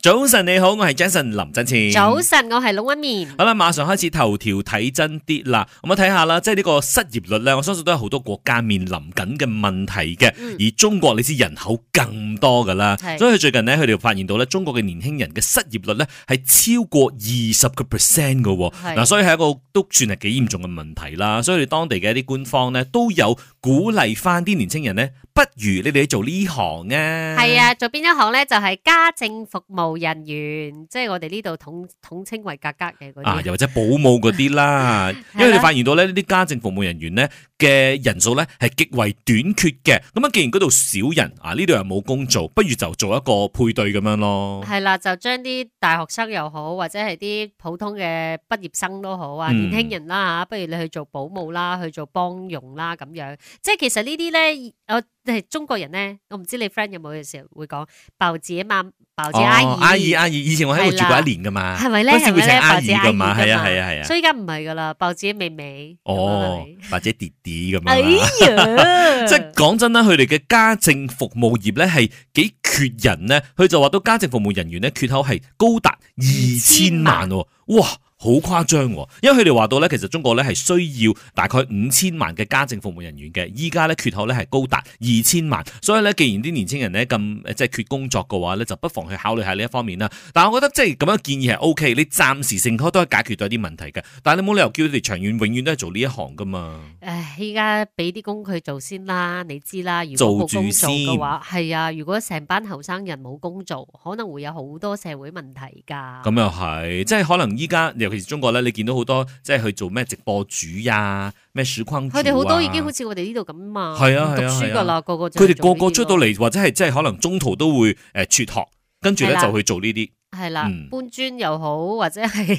早晨你好，我係 Jason 林振前。早晨，我係老一面。好啦，馬上開始頭條睇真啲啦。咁我睇下啦，即係呢個失業率咧，我相信都有好多國家面臨緊嘅問題嘅。嗯、而中國你知人口更多噶啦，所以佢最近呢，佢哋發現到咧，中國嘅年輕人嘅失業率咧係超過二十個 percent 嘅。嗱，所以係一個都算係幾嚴重嘅問題啦。所以佢哋當地嘅一啲官方咧都有鼓勵翻啲年輕人咧，不如你哋去做呢行啊。係啊，做邊一行咧？就係家政服務。服務人員，即係我哋呢度統統稱為格格嘅嗰啲啊，又或者保姆嗰啲啦，因為你發現到咧呢啲家政服務人員咧嘅人數咧係極為短缺嘅。咁樣既然嗰度少人啊，呢度又冇工做，不如就做一個配對咁樣咯。係啦，就將啲大學生又好，或者係啲普通嘅畢業生都好啊，年輕人啦吓，不如你去做保姆啦，去做幫傭啦，咁樣，即係其實呢啲咧，我係中國人咧，我唔知你 friend 有冇嘅時候會講爆字啊嘛。保潔阿姨，哦，阿姨，阿姨，以前我喺度住過一年噶嘛，嗰時會請阿姨噶嘛，係啊，係啊，係啊，啊所以而家唔係噶啦，保潔妹妹，哦，或者弟弟咁樣啦，即係講真啦，佢哋嘅家政服務業咧係幾缺人咧，佢就話到家政服務人員咧缺口係高達二千萬，哇！好誇張喎，因為佢哋話到呢，其實中國呢係需要大概五千萬嘅家政服務人員嘅，依家呢缺口呢係高達二千萬，所以呢，既然啲年青人呢咁即係缺工作嘅話呢，就不妨去考慮下呢一方面啦。但係我覺得即係咁樣建議係 OK，你暫時性開都可以解決到啲問題嘅，但係你冇理由叫佢哋長遠永遠都係做呢一行噶嘛？誒、呃，依家俾啲工佢做先啦，你知啦，如果冇工做嘅話，係啊，如果成班後生人冇工做，可能會有好多社會問題㗎。咁又係，即係可能依家。嗯尤其是中國咧，你見到好多即係去做咩直播主呀、啊，咩小框佢哋好多已經好似我哋呢度咁嘛，係啊，啊啊啊讀書噶啦，個個佢哋個個出到嚟，或者係即係可能中途都會誒輟學，跟住咧就去做呢啲，係啦、啊嗯啊，搬磚又好，或者係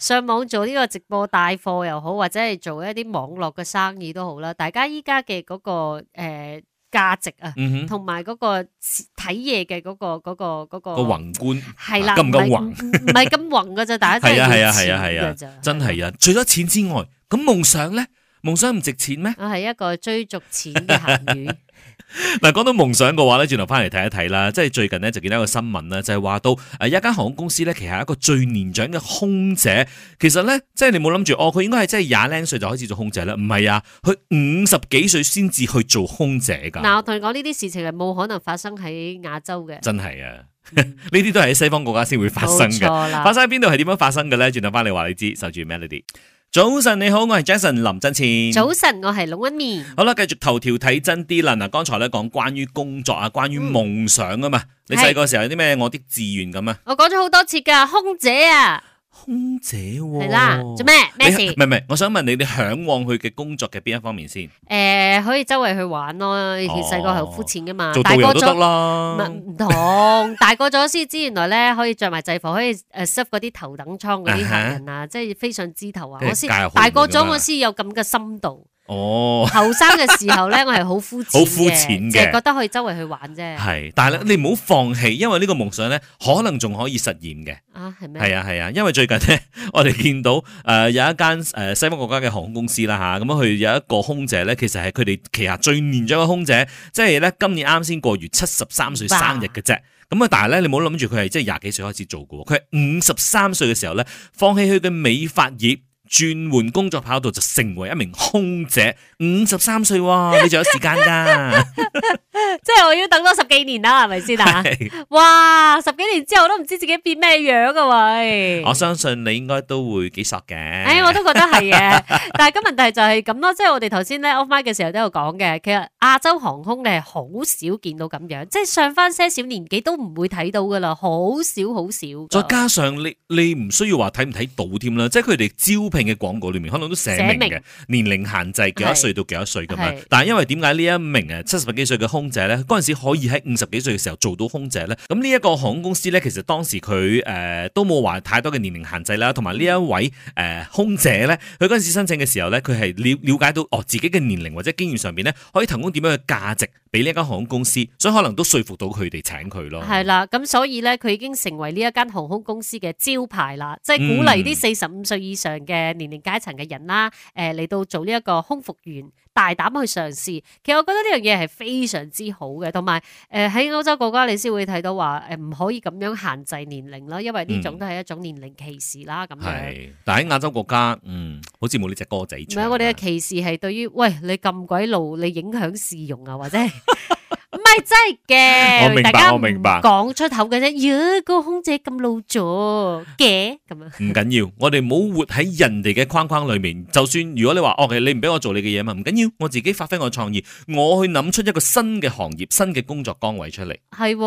上網做呢個直播帶貨又好，或者係做一啲網絡嘅生意都好啦。大家依家嘅嗰個、呃價值啊，同埋嗰個睇嘢嘅嗰個嗰、嗰個嗰、嗰個那宏觀係啦，咁唔夠宏？唔係咁宏嘅啫，大家真係要錢嘅啫，係啊，係啊，啊，啊，啊，啊，真係啊！除咗錢之外，咁夢想咧？夢想唔值錢咩？我係一個追逐錢嘅鹹魚。嗱，講到夢想嘅話咧，轉頭翻嚟睇一睇啦。即係最近呢，就見到一個新聞啦，就係話到誒，有一間航空公司咧，其實係一個最年長嘅空姐，其實咧，即係你冇諗住哦，佢應該係真係廿零歲就開始做空姐啦，唔係啊，佢五十幾歲先至去做空姐噶。嗱，我同你講呢啲事情係冇可能發生喺亞洲嘅，真係啊，呢啲都係喺西方國家先會發生嘅。發生喺邊度係點樣發生嘅咧？轉頭翻嚟話你知，守住 Melody。早晨你好，我係 Jason 林真千。早晨，我係龍一面。好啦，繼續頭條睇真啲啦。嗱，剛才咧講關於工作啊，關於夢想啊嘛。嗯、你細個時候有啲咩？是我啲志願咁啊？我講咗好多次噶，空姐啊。空姐係啦，做咩咩事？唔係唔係，我想問你，你向往佢嘅工作嘅邊一方面先？誒，可以周圍去玩咯。以前細個係好膚淺噶嘛，大個咗唔係唔同。大個咗先知原來咧可以着埋制服，可以誒 serve 嗰啲頭等艙嗰啲客人啊，即係飛上枝頭啊。我先大個咗，我先有咁嘅深度。哦，後生嘅時候咧，我係好膚淺嘅， 好膚淺嘅覺得可以周圍去玩啫。係，但係你唔好放棄，因為呢個夢想咧，可能仲可以實現嘅。啊，係咩？係啊係啊，因為最近咧，我哋見到誒有一間誒西方國家嘅航空公司啦吓，咁佢有一個空姐咧，其實係佢哋旗下最年長嘅空姐，即係咧今年啱先過完七十三歲生日嘅啫。咁啊，但係咧，你冇諗住佢係即係廿幾歲開始做嘅喎，佢係五十三歲嘅時候咧，放棄佢嘅美髮業，轉換工作跑道就成為一名空姐，五十三歲你仲有時間噶？ 即係我要等多十幾年啦，係咪先啊？是的 哇，十幾年之後我都唔知自己變咩樣啊！喂，我相信你應該都會幾索嘅。誒，我都覺得係嘅。但係個問題就係咁咯， 即係我哋頭先咧 open 嘅時候都有講嘅，其實亞洲航空你係好少見到咁樣，即係上翻些少年紀都唔會睇到噶啦，好少好少。再加上你你唔需要話睇唔睇到添啦，即係佢哋招聘。嘅廣告裏面可能都寫明嘅明年齡限制幾多歲到幾多歲的，咁樣，但係因為點解呢一名誒七十幾歲嘅空姐咧，嗰陣時可以喺五十幾歲嘅時候做到空姐咧？咁呢一個航空公司咧，其實當時佢誒、呃、都冇話太多嘅年齡限制啦，同埋呢一位誒、呃、空姐咧，佢嗰陣時申請嘅時候咧，佢係了瞭解到哦、呃、自己嘅年齡或者經驗上邊咧，可以提供點樣嘅價值。俾呢一間航空公司，所以可能都說服到佢哋請佢咯。係啦，咁所以咧，佢已經成為呢一間航空公司嘅招牌啦。即係鼓勵啲四十五歲以上嘅年齡階層嘅人啦，嚟、嗯呃、到做呢一個空服員，大膽去嘗試。其實我覺得呢樣嘢係非常之好嘅，同埋喺歐洲國家你先會睇到話唔、呃、可以咁樣限制年齡啦，因為呢種都係一種年齡歧視啦咁、嗯、樣、就是。係，但喺亞洲國家，嗯，好似冇呢隻歌仔唱。唔係，我哋嘅歧視係對於喂你咁鬼老，你影響市容啊，或者。真係嘅，我明白，我明白，講出口嘅啫。咦，個空姐咁老咗嘅咁樣，唔緊要。我哋冇活喺人哋嘅框框裏面。就算如果你話哦，你唔俾我做你嘅嘢嘛，唔緊要，我自己發揮我嘅創意，我去諗出一個新嘅行業、新嘅工作崗位出嚟。係，不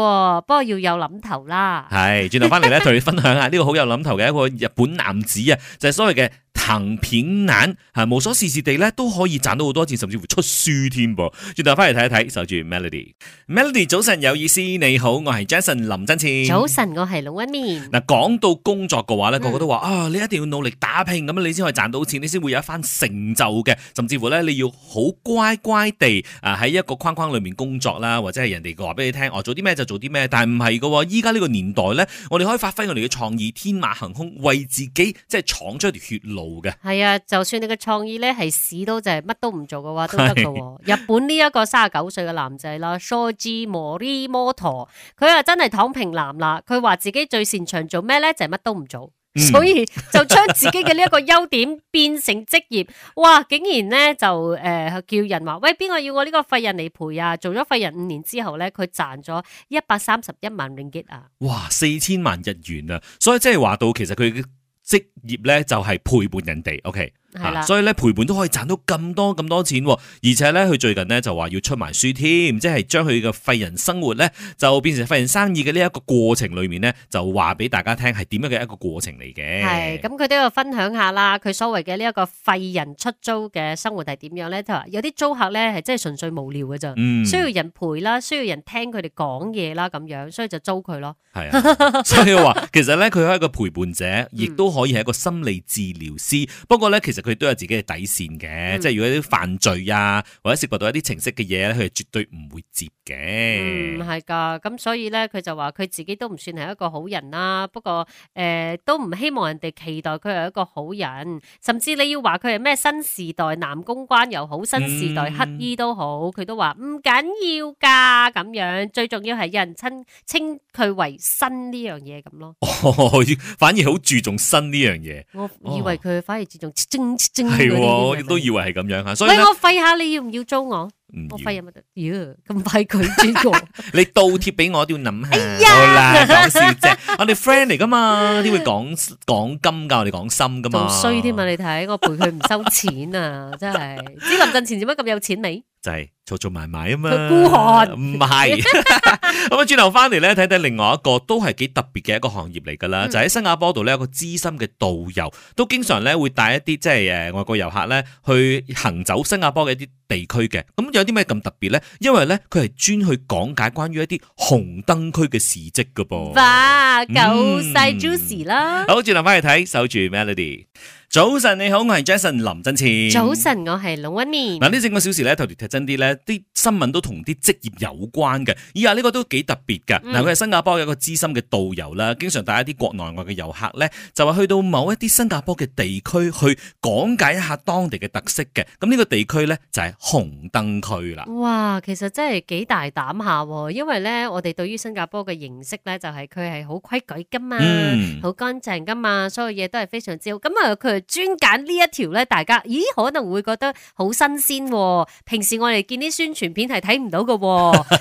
過要有諗頭啦。係，轉頭翻嚟咧，同你分享下呢個好有諗頭嘅一個日本男子啊，就係所謂嘅。行片眼吓無所事事地咧都可以賺到好多錢，甚至乎出書添噃。轉頭翻嚟睇一睇，守住 Melody，Melody Mel 早晨有意思，你好，我係 Jason 林真前。早晨，我係盧一念。嗱，講到工作嘅話咧，個個都話、嗯、啊，你一定要努力打拼，咁你先可以賺到錢，你先會有一番成就嘅，甚至乎咧，你要好乖乖地啊喺一個框框裏面工作啦，或者係人哋話俾你聽，我、哦、做啲咩就做啲咩，但係唔係噶，依家呢個年代咧，我哋可以發揮我哋嘅創意，天馬行空，為自己即係闖出一條血路。係啊，就算你嘅創意咧係屎，都就係乜都唔做嘅話都得嘅。是的 日本呢一個三十九歲嘅男仔啦，Shoji Morimoto，佢又真係躺平男啦。佢話自己最擅長做咩咧就係乜都唔做，嗯、所以就將自己嘅呢一個優點變成職業。 哇！竟然咧就誒、呃、叫人話喂，邊個要我呢個廢人嚟賠啊？做咗廢人五年之後咧，佢賺咗一百三十一萬令吉啊！哇！四千萬日元啊！所以即係話到其實佢，職業咧就係陪伴人哋，OK。係啦、啊，所以咧陪伴都可以賺到咁多咁多錢、啊，而且咧佢最近咧就話要出埋書添，即係將佢嘅廢人生活咧就變成廢人生意嘅呢一個過程裏面咧就話俾大家聽係點樣嘅一個過程嚟嘅。係，咁佢都有分享下啦，佢所謂嘅呢一個廢人出租嘅生活係點樣咧？即係話有啲租客咧係真係純粹無聊嘅咋，嗯、需要人陪啦，需要人聽佢哋講嘢啦咁樣，所以就租佢咯。係啊，所以話其實咧佢係一個陪伴者，亦都可以係一個心理治療師。嗯嗯、不過咧其實。佢都有自己嘅底線嘅，嗯、即係如果啲犯罪啊，或者涉及到一啲情色嘅嘢咧，佢係絕對唔會接嘅。唔係㗎，咁所以咧，佢就話佢自己都唔算係一個好人啦、啊。不過誒、呃，都唔希望人哋期待佢係一個好人。甚至你要話佢係咩新時代男公關又好，新時代黑衣都好，佢、嗯、都話唔緊要㗎。咁樣最重要係有人稱稱佢為新呢樣嘢咁咯，哦。反而好注重新呢樣嘢。我以為佢反而注重、哦哦係喎，我都以為係咁樣嚇，所以我費下你要唔要租我？我費有乜得？咦，咁快拒絕我？你倒貼俾我都要諗下。好啦，講笑啫，我哋 friend 嚟噶嘛，點會講講金㗎？我哋講心噶嘛。好衰添啊！你睇我陪佢唔收錢啊，真係。知林振前點解咁有錢你？就係做嘈埋埋啊嘛，孤沽寒，唔係。咁啊，轉頭翻嚟咧，睇睇另外一個都係幾特別嘅一個行業嚟噶啦，就喺新加坡度咧，有個資深嘅導遊，都經常咧會帶一啲即係誒外國遊客咧去行走新加坡嘅一啲地區嘅。咁有啲咩咁特別咧？因為咧佢係專去講解關於一啲紅燈區嘅事跡噶噃。哇，夠晒 juicy 啦！好，轉頭翻嚟睇，守住 melody。早晨你好，我係 Jason 林振慈。早晨，我係龍溫妮。嗱，呢整個小時咧，頭條踢真啲咧，啲新聞都同啲職業有關嘅。以下呢個都幾特別噶。嗱、嗯，佢係新加坡有一個資深嘅導遊啦，經常帶一啲國內外嘅遊客咧，就話去到某一啲新加坡嘅地區去講解一下當地嘅特色嘅。咁、這、呢個地區咧就係紅燈區啦。哇，其實真係幾大膽下，因為咧我哋對於新加坡嘅認識咧就係佢係好規矩噶嘛，好、嗯、乾淨噶嘛，所有嘢都係非常之好。咁啊佢。專揀呢一條咧，大家咦可能會覺得好新鮮，平時我哋見啲宣傳片係睇唔到嘅，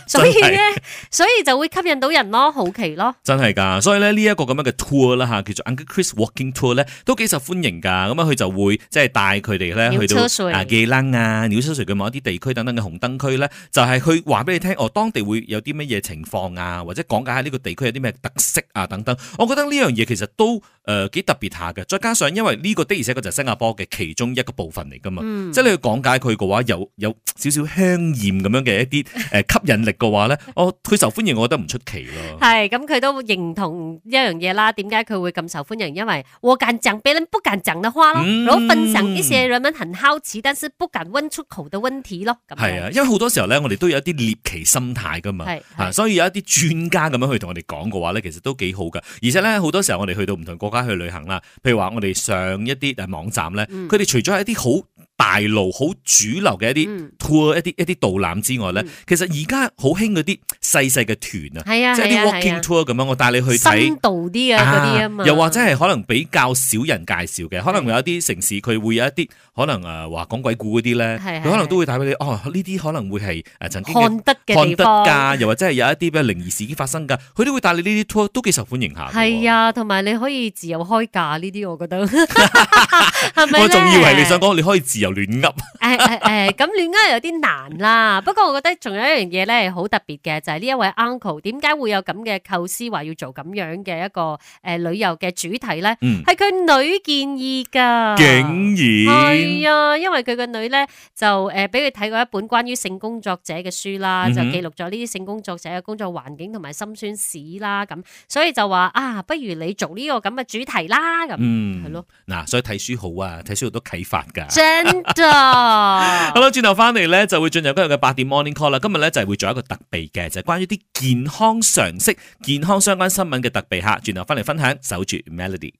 所以咧， 是所以就會吸引到人咯，好奇咯。真係噶，所以咧呢一個咁樣嘅 tour 啦吓，叫做 Uncle Chris Walking Tour 咧，都幾受歡迎噶。咁啊，佢就會即係帶佢哋咧去到啊基隆啊、鳥巢水嘅某一啲地區等等嘅紅燈區咧，就係佢話俾你聽哦，當地會有啲乜嘢情況啊，或者講解下呢個地區有啲咩特色啊等等。我覺得呢樣嘢其實都誒幾、呃、特別下嘅，再加上因為呢、這個。的而且確就係新加坡嘅其中一個部分嚟㗎嘛，嗯、即係你去講解佢嘅話，有有少少香豔咁樣嘅一啲誒吸引力嘅話咧，我佢、嗯哦、受歡迎，我覺得唔出奇咯、嗯。係咁，佢都認同一樣嘢啦。點解佢會咁受歡迎？因為我敢講，俾人不敢講的話咯。攞、嗯、分享一些人們很好奇，但是不敢問出口嘅問題咯。係啊，因為好多時候咧，我哋都有一啲獵奇心態㗎嘛。係，是是 所以有一啲專家咁樣去同我哋講嘅話咧，其實都幾好㗎。而且咧，好多時候我哋去到唔同國家去旅行啦，譬如話我哋上一啲網站咧，佢哋除咗係一啲好大路好主流嘅一啲 tour，一啲一啲導覽之外咧，其實而家好興嗰啲細細嘅團啊，即係啲 walking tour 咁樣，我帶你去睇深度啲嘅嗰啲啊嘛。又或者係可能比較少人介紹嘅，可能有一啲城市佢會有一啲可能誒話講鬼故嗰啲咧，佢可能都會帶俾你哦。呢啲可能會係誒曾經看得嘅地方，又或者係有一啲咩靈異事件發生㗎，佢都會帶你呢啲 tour，都幾受歡迎下。係啊，同埋你可以自由開價呢啲，我覺得。係咪？我仲以為你想講，你可以自由。亂噏，誒誒誒，咁亂噏有啲難啦。不過我覺得仲有一樣嘢咧，好特別嘅就係呢一位 uncle，點解會有咁嘅構思，話要做咁樣嘅一個誒旅遊嘅主題咧？係佢女建議噶，竟然係啊，因為佢個女咧就誒俾佢睇過一本關於性工作者嘅書啦，就記錄咗呢啲性工作者嘅工作環境同埋心酸史啦咁，所以就話啊，不如你做呢個咁嘅主題啦咁，係咯，嗱，所以睇書好啊，睇書好多啟發噶，真。D uh、 好啦，轉頭翻嚟咧就會進入今日嘅八點 Morning Call 啦。今日咧就係會做一個特備嘅，就係、是、關於啲健康常識、健康相關新聞嘅特備客。轉頭翻嚟分享，守住 Melody。